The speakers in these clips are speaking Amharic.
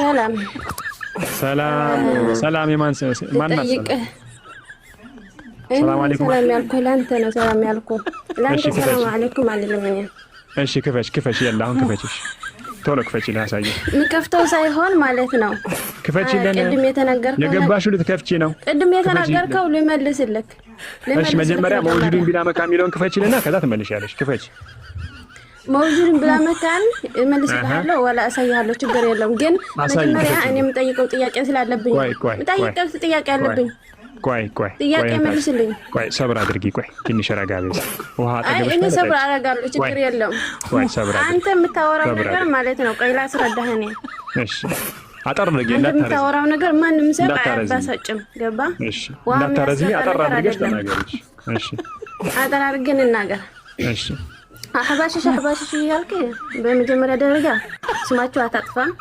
ሰላም ሰላም ሰላም የማን ማናት? ሰላም አለይኩም ሰላም ያልኩ ለአንተ ነው። ሰላም ያልኩ ለአንተ ሰላም አለይኩም አልልም። እሺ ክፈች ክፈች፣ ያለ አሁን እሺ ቶሎ ክፈች። ላሳየ የሚከፍተው ሳይሆን ማለት ነው። ክፈች ለን ቅድም የተናገርከው የገባሽው ልትከፍቺ ነው። ቅድም የተናገርከው ልመልስልክ። እሺ መጀመሪያ መውጁዱን ቢላ መቃ የሚለውን ክፈችልና ከዛ ትመልሻለሽ። ክፈች መውዙድን ብላ መታን እመልስልሃለሁ፣ ወላ እሳይሃለሁ፣ ችግር የለውም። ግን መጀመሪያ እኔ የምጠይቀው ጥያቄ ስላለብኝ የምጠይቀው ጥያቄ አለብኝ። ቆይ ቆይ ጥያቄ መልስልኝ። ቆይ ሰብር አድርጊ። ቆይ ትንሽ ረጋ ቤት ውሃ ጠገብሽ። ሰብር አደርጋለሁ፣ ችግር የለውም። አንተ የምታወራው ነገር ማለት ነው። ቆይ ላስረዳህ። እኔ አጠር አድርጌ የምታወራው ነገር ማንም ሰብ አያባሳጭም። ገባ? እንዳታረዝሚ። አጠር አድርገሽ ተናገሪሽ። አጠር አድርገን እናገር። እሺ አህባሽሽ አህባሽሽ እያልክ በመጀመሪያ ደረጃ ስማቸው አታጥፋም።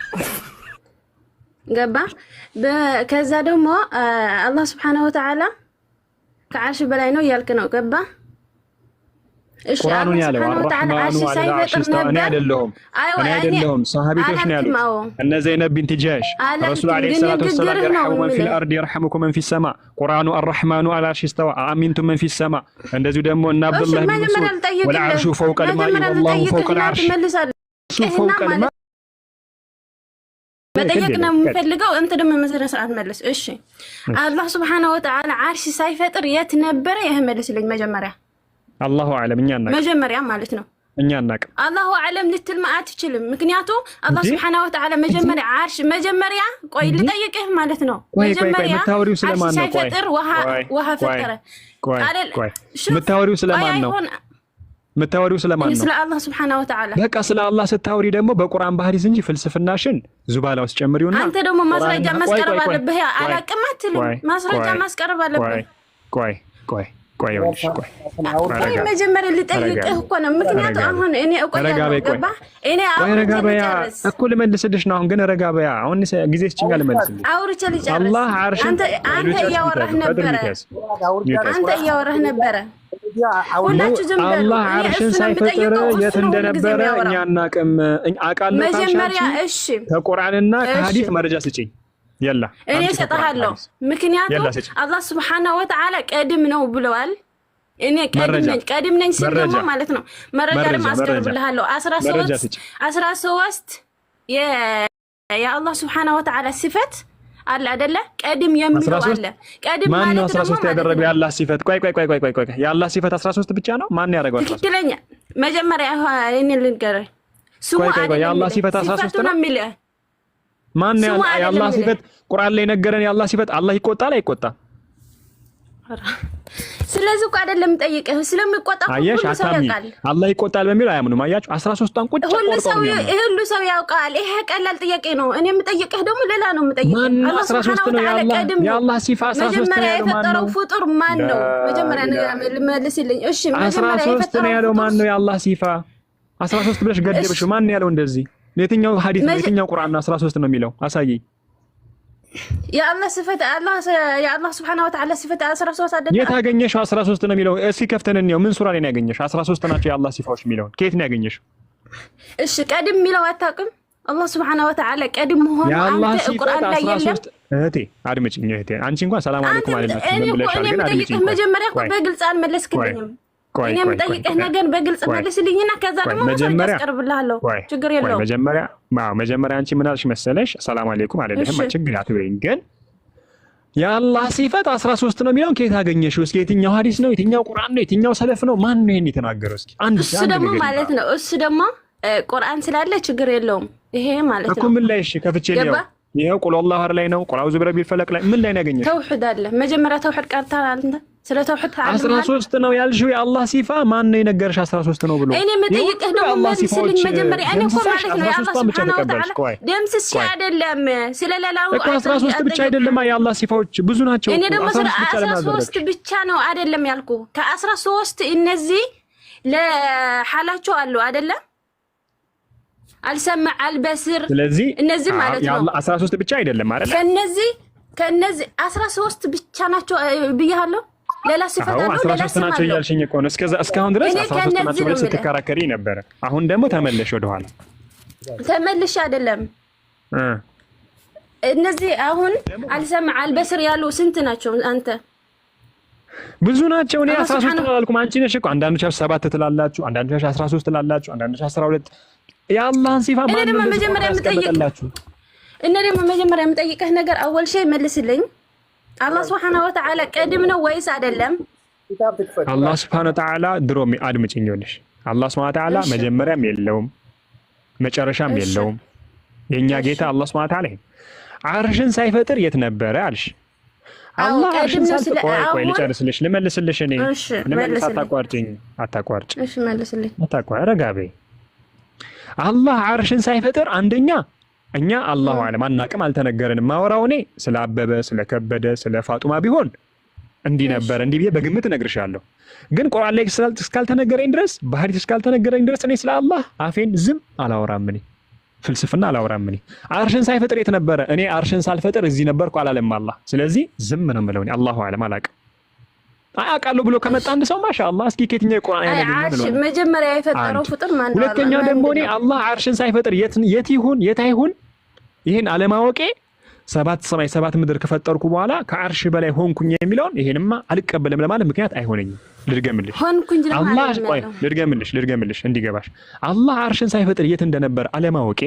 ገባ። ከዛ ደግሞ አላህ ስብሓነሁ ወተዓላ ከዓርሽ በላይ ነው እያልክ ነው። ገባ ቁርአኑን ያለው አራህማኑ አለ አርሽ ስታ እኔ አይደለሁም እኔ አይደለሁም ሰሃቢቶች ነው ያሉት እነ ዘይነብ ቢንት ጃሽ ረሱል አለይሂ ሰላቱ ወሰላም ይርሐሙ መን ፊል አርድ ይርሐሙኩም መን ፊ ሰማ ቁርአኑ አርህማኑ አለ አርሽ ስታ አሚንቱ መን ፊ ሰማ እንደዚሁ ደግሞ እና አብዱላህ ቢን መስዑድ ወልአርሹ ፈውቀ ልማኢ ወላሁ ፈውቀ ልአርሽ እሱ ፈውቀ ልማ መጠየቅ ነው የምፈልገው። እንት ደሞ መስረ ስርዓት መልስ። እሺ አላህ ስብሓነ ወተዓላ ዓርሽ ሳይፈጥር የት ነበረ? ይህ መልስልኝ መጀመሪያ አላሁ አለም እኛ እናቅም። መጀመሪያ ማለት ነው እኛ እናቅ አላሁ አለም ልትል ማ አትችልም። ምክንያቱ አላህ ሱብሓነሁ ወተዓላ መጀመሪያ አርሽ መጀመሪያ ቆይ ልጠይቅህ ማለት ነው መጀመሪያ ዓርሽ ሳይፈጥር ውሃ ፈጠረ። ምታወሪው ስለማን ነው? ምታወሪው ስለማን ነው? ስለ አላህ ሱብሓነሁ ወተዓላ። በቃ ስለ አላህ ስታወሪ ደግሞ በቁርአን ባህዲስ እንጂ ፍልስፍናሽን ዙባላ ውስጥ ጨምሪውና አንተ ደግሞ ማስረጃ ማስቀረብ አለብህ። አላቅም አትልም። ማስረጃ ማስቀረብ አለብህ። ቆይ ቆይ ቆይ ይኸውልሽ፣ መጀመሪያ ልጠይቅህ እኮ ነው። ምክንያቱም አሁን እኔ እኮ ልመልስልሽ ነው። አሁን ግን ረጋ በያ። አሁን ጊዜ ልመልስልሽ። አውርቼ ልጨርስ። አንተ እያወራህ ነበረ፣ አንተ እያወራህ ነበረ። አላህ ሳይፈጥር የት እንደነበረ እኛ መጀመሪያ እሺ፣ ከቁርአንና ከሀዲት መረጃ ስጭኝ እኔ እሰጥሃለሁ። ምክንያቱም አላህ ስብሓነሁ ወተዓላ ቀድም ነው ብለዋል። እኔ ቀድም ነኝ ስል ደግሞ ማለት ነው መረጃም አስቀርብልሃለሁ። አስራ ሶስት የአላህ ስብሓነሁ ወተዓላ ሲፈት አለ አይደለ? ቀድም የሚለው አለ። ቀድም ማለት አስራ ሶስት ያደረገው የአላህ ሲፈት። ቆይ ቆይ ቆይ ቆይ ቆይ ቆይ የአላህ ሲፈት አስራ ሶስት ብቻ ነው? ማን ያደረገው? ትክክለኛ መጀመሪያ እኔ ልንገርህ ስሙ የአላህ ሲፈት አስራ ሶስት ነው የሚልህ ማን ነው የአላህ ሲፈት ቁርአን ላይ ነገረን። የአላህ ሲፈት አላህ ይቆጣል አይቆጣም? ስለዚህ እኮ አይደለም ጠይቀህ ስለሚቆጣ ሁሉ ሰው አታምኚ። አላህ ይቆጣል በሚል አያምኑም። አያችሁ፣ አስራ ሶስት አንቁጭ ሁሉ ሰው ሰው ያውቃል። ይሄ ቀላል ጥያቄ ነው። እኔ የምጠይቅህ ደግሞ ሌላ ነው የምጠይቅህ። አላህ ስብሐነሁ ነው ያለው ማን ነው? ፍጡር ማን ነው? መጀመሪያ ነገር መልስልኝ። እሺ፣ መጀመሪያ የፈጠረው አስራ ሶስት ነው ያለው ማን ነው? የአላህ ሲፋ አስራ ሶስት ብለሽ ገደብሽ። ማን ነው ያለው እንደዚህ የትኛው ሐዲስ ነው የትኛው ቁርአን 13 ነው የሚለው አሳየኝ። የአላህ ስፈት አላህ የአላህ ሱብሓነሁ ወተዓላ ስፈት 13 አይደለም። የት አገኘሽው? 13 ነው የሚለው እስኪ ከፍተን እንየው። ምን ሱራ ላይ ነው ያገኘሽ? 13 ናቸው የአላህ ሲፋዎች የሚለውን ከየት ነው ያገኘሽው? እሺ ቀድም የሚለው አታውቅም? አላህ ሱብሓነሁ ወተዓላ ቀድም መሆኑ አንተ ቁርአን ላይ የለም። እህቴ አድምጭኝ፣ እህቴ፣ አንቺ እንኳን ሰላም አለይኩም አለላችሁ ብለሻል። ግን መጀመሪያ በግልጽ አልመለስክልኝም። እኔ የምጠይቅህ ነገር በግልጽ መልስልኝና ከዛ ደግሞ መጀመሪያ አስቀርብልሃለሁ። ችግር የለውም። መጀመሪያ መጀመሪያ አንቺ ምናልሽ መሰለሽ? ሰላም አለይኩም አለልህም ችግር አትበይኝ። ግን የአላህ ሲፈት አስራ ሶስት ነው የሚለውን ከየት አገኘሽው? እስኪ የትኛው ሀዲስ ነው? የትኛው ቁርአን ነው? የትኛው ሰለፍ ነው? ማን ነው ይህን የተናገረው? እስኪ አንድ እሱ ደግሞ ማለት ነው እሱ ደግሞ ቁርአን ስላለ ችግር የለውም። ይሄ ማለት ነው ምን ላይ እሺ፣ ከፍቼ ነው ይሄው ቁል አላህ ላይ ነው ቁል አውዝ ብረቢል ፈለቅ ላይ ምን ላይ ነው ያገኘሽው? ተውሂድ አለ መጀመሪያ ተውሂድ ቀርታ አለ ስለ ተውሂድ አስራ ሦስት ነው ያልሽው። የአላህ ሲፋ ማን ነው የነገርሽ አስራ ሦስት ነው ብሎ? እኔ የምጠይቅህ ደግሞ መልስልኝ መጀመሪያ። እኔ እኮ ማለት ነው የአላህ ስብሐነ ወተዓላ ደምስሽ አይደለም ስለ ሌላው እኮ አስራ ሦስት ብቻ አይደለም። የአላህ ሲፋዎች ብዙ ናቸው። እኔ ደግሞ ስለ አስራ ሦስት ብቻ ነው አይደለም ያልኩ። ከአስራ ሦስት እነዚህ ለሐላቸው አሉ አይደለም አልሰማ፣ አልበስር ስለዚህ እነዚህ ማለት ነው አስራ ሦስት ብቻ አይደለም አይደል? ከነዚህ ከነዚህ አስራ ሶስት ብቻ ናቸው ብያለሁ። ሌላ ስፈታ ነው ሌላ ናቸው እያልሽኝ እኮ ነው። እስካሁን ድረስ አስራ ሶስት ናቸው ብለሽ ስትከራከሪ ነበረ። አሁን ደግሞ ተመለሽ ወደኋላ። ተመልሽ አይደለም እነዚህ አሁን አልሰማ አልበስር ያሉ ስንት ናቸው? አንተ ብዙ ናቸው። እኔ አስራ ሶስት አላልኩም። አንቺ ነሽ እኮ አንዳንዶች ሰባት ትላላችሁ፣ አንዳንዶች አስራ ሶስት ትላላችሁ፣ አንዳንዶች አስራ ሁለት የአላህን ሲፋ እኔ ደግሞ መጀመሪያ የምጠይቅህ ነገር አወል መልስልኝ አላህ ስብሐነ ወተዓላ ቀድም ነው ወይስ አይደለም? አላህ ስብሐነ ወተዓላ ድሮም አድምጭኝ ሆነሽ አላህ ስብሐነ ወተዓላ መጀመሪያም የለውም መጨረሻም የለውም። የእኛ ጌታ አላህ ስብሐነ ወተዓላ አርሽን ሳይፈጥር የት ነበረ አልሽ። አላህ አርሽን ሳይፈጥር ቆይ ልጨርስልሽ፣ ልመልስልሽ እኔ ልመልስ። አታቋርጭኝ፣ አታቋርጭ፣ አታቋርጭ፣ ረጋ አላህ አርሽን ሳይፈጥር አንደኛ እኛ አላሁ አለም አናቅም፣ አልተነገረንም። ማወራው እኔ ስለ አበበ ስለ ከበደ ስለ ፋጡማ ቢሆን እንዲህ ነበር እንዲህ ብዬ በግምት እነግርሻለሁ። ግን ቁርአን ላይ እስካልተነገረኝ ድረስ በሐዲስ እስካልተነገረኝ ድረስ እኔ ስለ አላህ አፌን ዝም አላወራም። እኔ ፍልስፍና አላወራም። እኔ አርሽን ሳይፈጥር የት ነበረ? እኔ አርሽን ሳልፈጥር እዚህ ነበርኩ አላለም አላህ። ስለዚህ ዝም ነው የምለው አላሁ አለም አላቅም። አይ አያውቃለሁ ብሎ ከመጣ አንድ ሰው ማሻ እስኪ ከየትኛው ቁርአን ያለ መጀመሪያ የፈጠረው ፍጡር ማን? ሁለተኛ ደግሞ እኔ አላህ አርሽን ሳይፈጥር የት ይሁን የት አይሁን ይህን አለማወቄ ሰባት ሰማይ ሰባት ምድር ከፈጠርኩ በኋላ ከአርሽ በላይ ሆንኩኝ የሚለውን ይሄንማ አልቀበልም ለማለት ምክንያት አይሆነኝም። ልድገምልሽ፣ ልድገምልሽ፣ ልድገምልሽ እንዲገባሽ አላህ አርሽን ሳይፈጥር የት እንደነበር አለማወቄ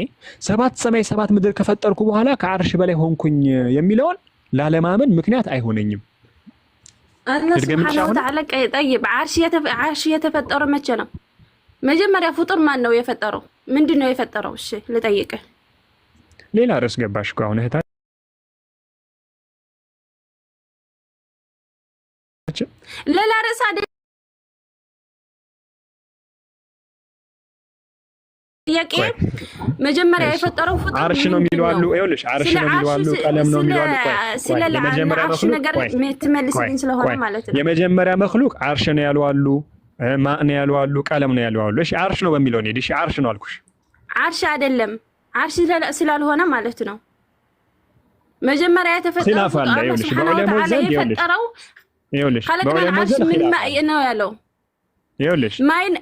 ሰባት ሰማይ ሰባት ምድር ከፈጠርኩ በኋላ ከአርሽ በላይ ሆንኩኝ የሚለውን ላለማመን ምክንያት አይሆነኝም። አላህ ሱብሓነሁ ወተዓላ ጠይብ ዓርሽ የተፈጠረ መቼ ነው? መጀመሪያ ፍጡር ማን ነው የፈጠረው? ምንድን ነው የፈጠረው? እሺ ልጠይቅህ። ሌላ ርዕስ ገባሽ እኮ አሁን እህታ ሌላ ርዕስ ጥያቄ መጀመሪያ የፈጠረው ፍጡር አርሽ ነው የሚሉ አሉ። ይኸውልሽ አርሽ ነው የሚሉ አሉ፣ ቀለም ነው የሚሉ አሉ። ስለ አርሽ ነገር ትመልስልኝ ስለሆነ ማለት ነው። የመጀመሪያ መክሉቅ አርሽ ነው ያሉ አሉ፣ ማእ ነው ያሉ አሉ፣ ቀለም ነው ያሉ አሉ። እሺ አርሽ ነው በሚለው ሄድ። እሺ አርሽ ነው አልኩሽ። አርሽ አይደለም አርሽ ስላልሆነ ማለት ነው። መጀመሪያ የተፈጠረው ሱብሃነ ወተዓላ የፈጠረው ከለቅናል አርሽ ምን ማእ ነው ያለው ይኸውልሽ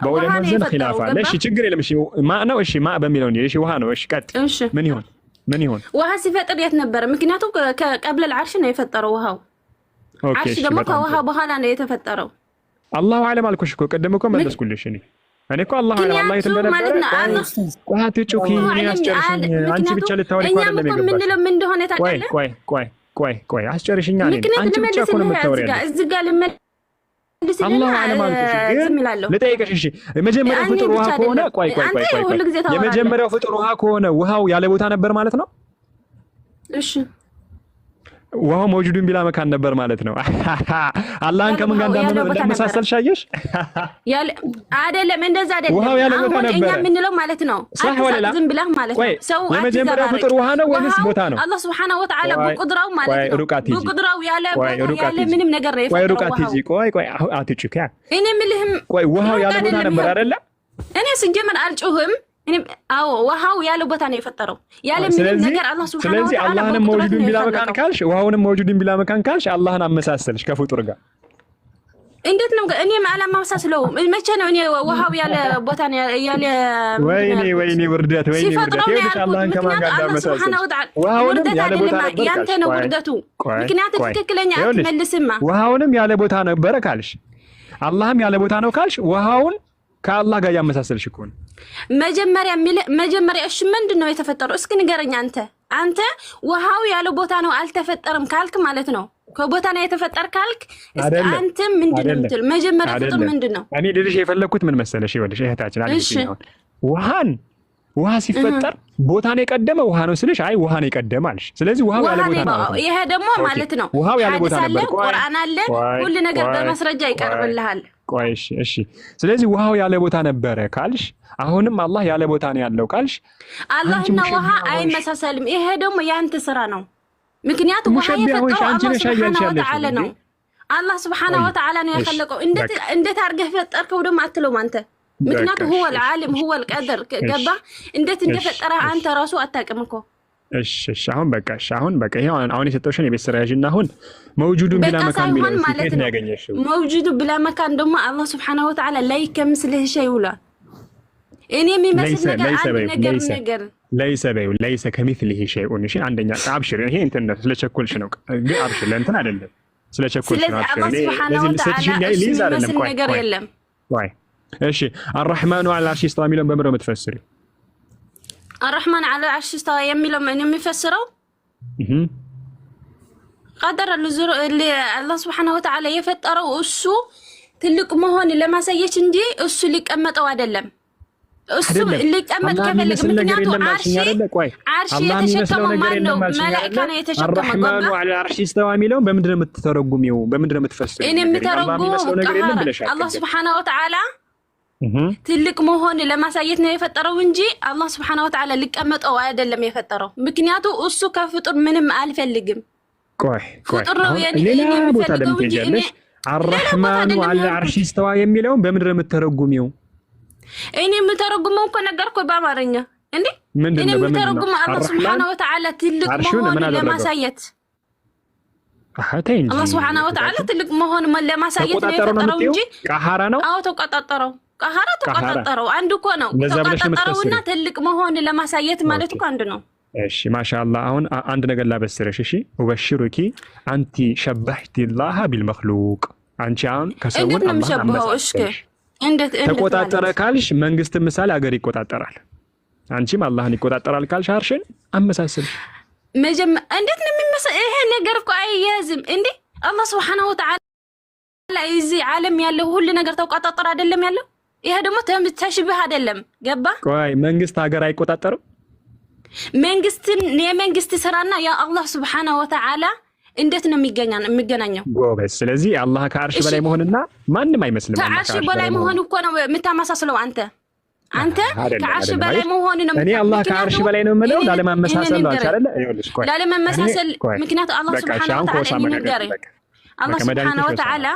በሁለት መዘን ኪላፍ አለ። እሺ ችግር የለም። እሺ ማእ ነው። እሺ ማእ በሚለው እሺ ውሃ ነው። እሺ ቀጥ ምን ይሆን ምን ይሆን? ውሃ ሲፈጥር የት ነበረ? ምክንያቱም ከቀብለ ልዓርሽ ነው የፈጠረው ውሃው። ዓርሽ ደግሞ ከውሃ በኋላ ነው የተፈጠረው። አላሁ አለም አልኩሽ እኮ ቅድም እኮ መለስኩልሽ እኔ እኔ እኮ አላህ አለ አላህ የተበለ አንቺ ብቻ ልታወሪ እኮ አይደለም የገባሽ። ምንለው ምን እንደሆነ ታውቃለህ? ቆይ ቆይ ቆይ ቆይ አስጨርሽኛ። እኔ አንቺ ብቻ እኮ ነው የምታወሪ ያለ እዚህ ጋር ልመ ልጠይቅሽ የመጀመሪያው ፍጡር ውሃ ከሆነ ቆይ ቆይ ቆይ ቆይ፣ የመጀመሪያው ፍጡር ውሃ ከሆነ ውሃው ያለ ቦታ ነበር ማለት ነው? እሺ ውሃ መውጁድን ቢላ መካን ነበር ማለት ነው። አላህን ከምን ጋር እንደመሳሰል ሻየሽ አይደለም፣ እንደዛ አይደለም። ውሃው ያለ ቦታ ነበር እኛ የምንለው ማለት ነው። ዝም ብላ ማለት ነው። ሰው የመጀመሪያ ፍጡር ውሃ ነው ወይስ ቦታ ነው? አላህ ስብሐነሁ ወተዓላ በቁድራው ማለት ነው። በቁድራው ያለ ያለ ምንም ነገር ነው። ቆይ ሩቃት ይጂ ቆይ ቆይ ያ እኔ የምልህም ቆይ ውሃው ያለ ቦታ ነበር አይደለ? እኔ ስንጀምር አልጩህም አዎ ውሃው ያለው ቦታ ነው የፈጠረው። ያለ ምንም ነገር አላህ ሱብሃነሁ ወተዓላ። ስለዚህ አላህንም መውጁድን ቢላ መካን ካልሽ፣ ውሃውንም መውጁድን ቢላ መካን ካልሽ፣ አላህን አመሳሰልሽ ከፍጡር ጋር። እንዴት ነው? እኔም አላማሳስለውም። መቼ ነው እኔ ውሃው ያለ ቦታ ነው ያለ? ወይኔ ወይኔ፣ ውርደት! ወይኔ ውርደት! ይኸውልሽ አላህን ከማን ጋር እንዳመሳሰል? ያለ ቦታ ነበር ያንተ ነው ውርደቱ። ምክንያት ትክክለኛ አትመልስማ። ውሃውንም ያለ ቦታ ነበረ ካልሽ፣ አላህም ያለ ቦታ ነው ካልሽ ውሃውን ከአላህ ጋር ያመሳሰልሽ እኮ ነው። መጀመሪያ መጀመሪያ እሺ፣ ምንድን ነው የተፈጠረው? እስኪ ንገረኝ አንተ አንተ ውሃው ያለው ቦታ ነው አልተፈጠርም ካልክ ማለት ነው ከቦታ ነው የተፈጠር ካልክ አንተ ምንድን ነው የምትል? መጀመሪያ ፍጡር ምንድን ነው? እኔ ልልሽ የፈለግኩት ምን መሰለሽ፣ ይኸውልሽ እህታችን ውሃን ውሃ ሲፈጠር ቦታን የቀደመ ውሃ ነው ስልሽ፣ አይ ውሃን የቀደመ አልሽ። ስለዚህ ውሃው ያለ ቦታ ነው። ይሄ ደግሞ ማለት ነው ውሃው ያለ ቦታ ነበር። ቁርአን አለ፣ ሁሉ ነገር በማስረጃ ይቀርብልሃል። ቆይሽ እሺ። ስለዚህ ውሃው ያለ ቦታ ነበረ ካልሽ፣ አሁንም አላህ ያለ ቦታ ነው ያለው ካልሽ፣ አላህና ውሃ አይመሳሰልም። ይሄ ደግሞ የአንተ ስራ ነው። ምክንያቱም ውሃ የፈጠረው አላህ ሱብሓነሁ ወተዓላ ነው። አላህ ሱብሓነሁ ወተዓላ ነው ያከለቀው። እንዴት አድርገህ ፈጠርከው ደግሞ አትለውም አንተ ምክንያቱም ሁወል ዓሊም ሁወል ቀድር ገባ። እንዴት እንደፈጠረ አንተ ራሱ አታውቅም እኮ። እሺ እሺ፣ አሁን በቃ እሺ፣ አሁን በቃ ይሄ አሁን የሰጠሁሽን የቤት ስራ ያዥና አሁን መውጁዱ ብላ መካን ቢላ ማለት ነው ያገኘሽው መውጁዱ ብላ መካን ደግሞ አላህ ሱብሓነሁ ወተዓላ ላይ ከምስልህ ሸይ ይውላል። እኔ የሚመስል ነገር አንድ ነገር ነገር ለይሰ በይው ለይሰ ከሚስልህ ሸይ እሺ፣ አንደኛ አብሽር። ይሄ እንትን ስለቸኮልሽ ነው፣ ግን አብሽር ለእንትን አይደለም፣ ስለቸኮልሽ ነው። አብሽር ለዚህ ለዚህ ነገር የለም ወይ ايش الرحمن على العرش استوى يمي لهم بامرهم الرحمن على العرش استوى يمي لهم ان قدر اللزر اللي الله سبحانه وتعالى يفطر وسو تلك ما هون لما سيش عندي اسو اللي قمت او عدلم اسو اللي قمت كفلك من عرشي عرشي يتشكم ما انه ملائكه يتشكم الرحمن على العرش استوى يمي لهم بامرهم تترجم يوم بامرهم تفسر الله سبحانه وتعالى ትልቅ መሆን ለማሳየት ነው የፈጠረው እንጂ አላህ ስብሓን ወተዓላ ሊቀመጠው አይደለም የፈጠረው። ምክንያቱ እሱ ከፍጡር ምንም አልፈልግም። ፍጡር ነው የሚፈልገው እንጂ አራሕማኑ አለ አርሽ ስተዋ የሚለውን በምድር የምተረጉሚው እኔ የምተረጉመው እኮ ነገርኩ በአማርኛ እንዴ። እኔ የምተረጉመው አላህ ስብሓን ወተዓላ ትልቅ መሆን ለማሳየት አላህ ስብሓን ወተዓላ ትልቅ መሆን ለማሳየት ነው የፈጠረው እንጂ ተቆጣጠረው። ቀሃራ ተቆጣጠረው አንድ እኮ ነው። ተቆጣጠረውና ትልቅ መሆን ለማሳየት ማለት እኮ አንድ ነው። እሺ ማሻአላ። አሁን አንድ ነገር ላበስረሽ። እሺ ኡበሽሩኪ አንቲ ሸባህቲ ላሃ ቢልመክሉቅ። አንቺ አሁን ከሰውን ተቆጣጠረ ካልሽ መንግስት ምሳሌ አገር ይቆጣጠራል። አንቺም አላህን ይቆጣጠራል ካልሽ አርሽን አመሳስልሽ። እንዴት ነው የሚመስል ይሄ ነገር እኮ አያያዝም እንዴ! አላህ ስብሓነሁ ወተዓላ እዚህ ዓለም ያለው ሁሉ ነገር ተቆጣጠረ አይደለም ያለው ይሄ ደግሞ ተሽብህ አይደለም። ገባ? ቆይ መንግስት ሀገር አይቆጣጠርም? መንግስትን የመንግስት ስራና የአላህ ስብሓነሁ ወተዓላ እንዴት ነው የሚገናኘው? ጎበዝ። ስለዚህ አላህ ከአርሽ በላይ መሆንና ማንም አይመስልም። ከአርሽ በላይ መሆን እኮ ነው የምታመሳስለው አንተ አንተ ከአርሽ በላይ መሆን ነው። እኔ አላህ ከአርሽ በላይ ነው የምለው ላለማመሳሰል ነው አይደለ? ላለማመሳሰል ምክንያቱ አላህ ስብሓነሁ ወተዓላ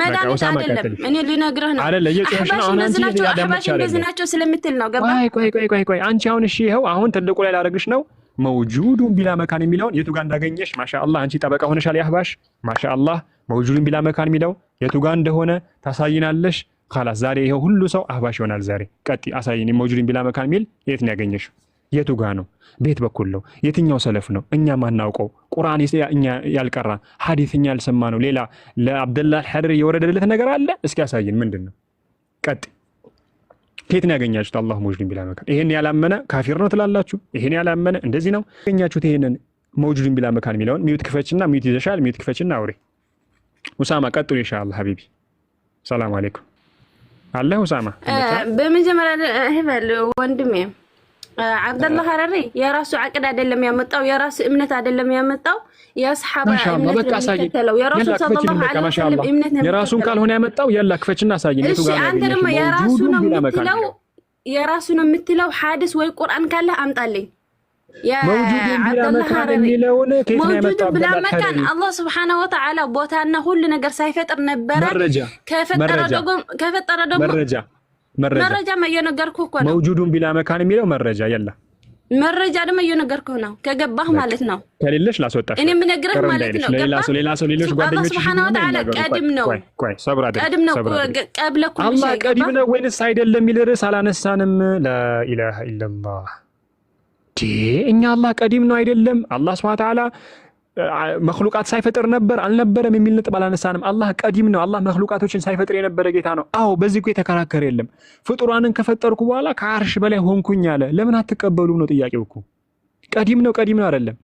መድኃኒት አህባሽ አንቺ አሁን እሺ፣ ይኸው አሁን ትልቁ ላይ ነው መውጁዱን ቢላ መካን የሚለውን የቱ ጋር እንዳገኘሽ አንቺ ጠበቃ ሆነሻል። መውጁዱን ቢላ መካን የሚለው የቱ ጋር እንደሆነ ታሳይናለሽ። ካላስ ዛሬ ይኸው ሁሉ ሰው አህባሽ ይሆናል። ዛሬ ቀጥ አሳይን። መውጁዱን ቢላ መካን የሚል የት ነው ያገኘሽው? የቱ ጋ ነው? ቤት በኩል ነው? የትኛው ሰለፍ ነው? እኛ ማናውቀው ቁርአን እኛ ያልቀራ ሀዲስ እኛ ያልሰማ ነው። ሌላ ለአብደላ ሐድር የወረደለት ነገር አለ? እስኪ ያሳየን። ምንድን ነው? ቀጥ ከየት ነው ያገኛችሁት? አላሁ መውጁድን ቢላ መካን። ይሄን ያላመነ ካፊር ነው ትላላችሁ። ይሄን ያላመነ እንደዚህ ነው ያገኛችሁት። ይሄንን መውጁድን ቢላ መካን የሚለውን ሚዩት ክፈችና ሚዩት ይዘሻል። ሚዩት ክፈችና አውሬ ሁሳማ ቀጥሉ። ኢንሻአላ ሀቢቢ ሰላም አሌይኩም አለ ሁሳማ በመጀመሪያ ህበል ወንድሜ አብደላ ሀረሪ የራሱ አቅድ አይደለም ያመጣው፣ የራሱ እምነት አይደለም ያመጣው። የአስሓባ የራሱን ካልሆነ ያመጣው የላ ክፈችና አሳየኝ። አንተ ደግሞ የራሱ ነው የምትለው የራሱ ነው የምትለው ሐዲስ ወይ ቁርአን ካለ አምጣልኝ። መውጁድን አላህ ስብሓነሁ ወተዓላ ቦታና ሁሉ ነገር ሳይፈጥር ነበረ። ከፈጠረ ደግሞ መረጃ እየነገርኩህ እኮ ነው። መውጁዱን ቢላ መካን የሚለው መረጃ የለም። መረጃ ደግሞ እየነገርኩህ ነው። ከገባህ ማለት ነው። ከሌለሽ ላስወጣሽ እኔ የምነግርህ ማለት ነው። ሌላ ሰው ሌላ ሰው ሌሎች ጓደኞች ቀድም ነው ሰብራ ቀድም ነው ቀብለ ኩል አላህ ቀድም ነው ወይንስ አይደለም የሚል ርዕስ አላነሳንም። ላኢላሃ ኢለላህ እኛ አላህ ቀዲም ነው አይደለም አላህ ስብሐ ተዓላ መክሉቃት ሳይፈጥር ነበር አልነበረም የሚል ነጥብ አላነሳንም። አላህ ቀዲም ነው። አላህ መክሉቃቶችን ሳይፈጥር የነበረ ጌታ ነው። አዎ በዚህ እኮ የተከራከረ የለም። ፍጡራንን ከፈጠርኩ በኋላ ከአርሽ በላይ ሆንኩኝ አለ። ለምን አትቀበሉም ነው ጥያቄው እኮ። ቀዲም ነው ቀዲም ነው አይደለም።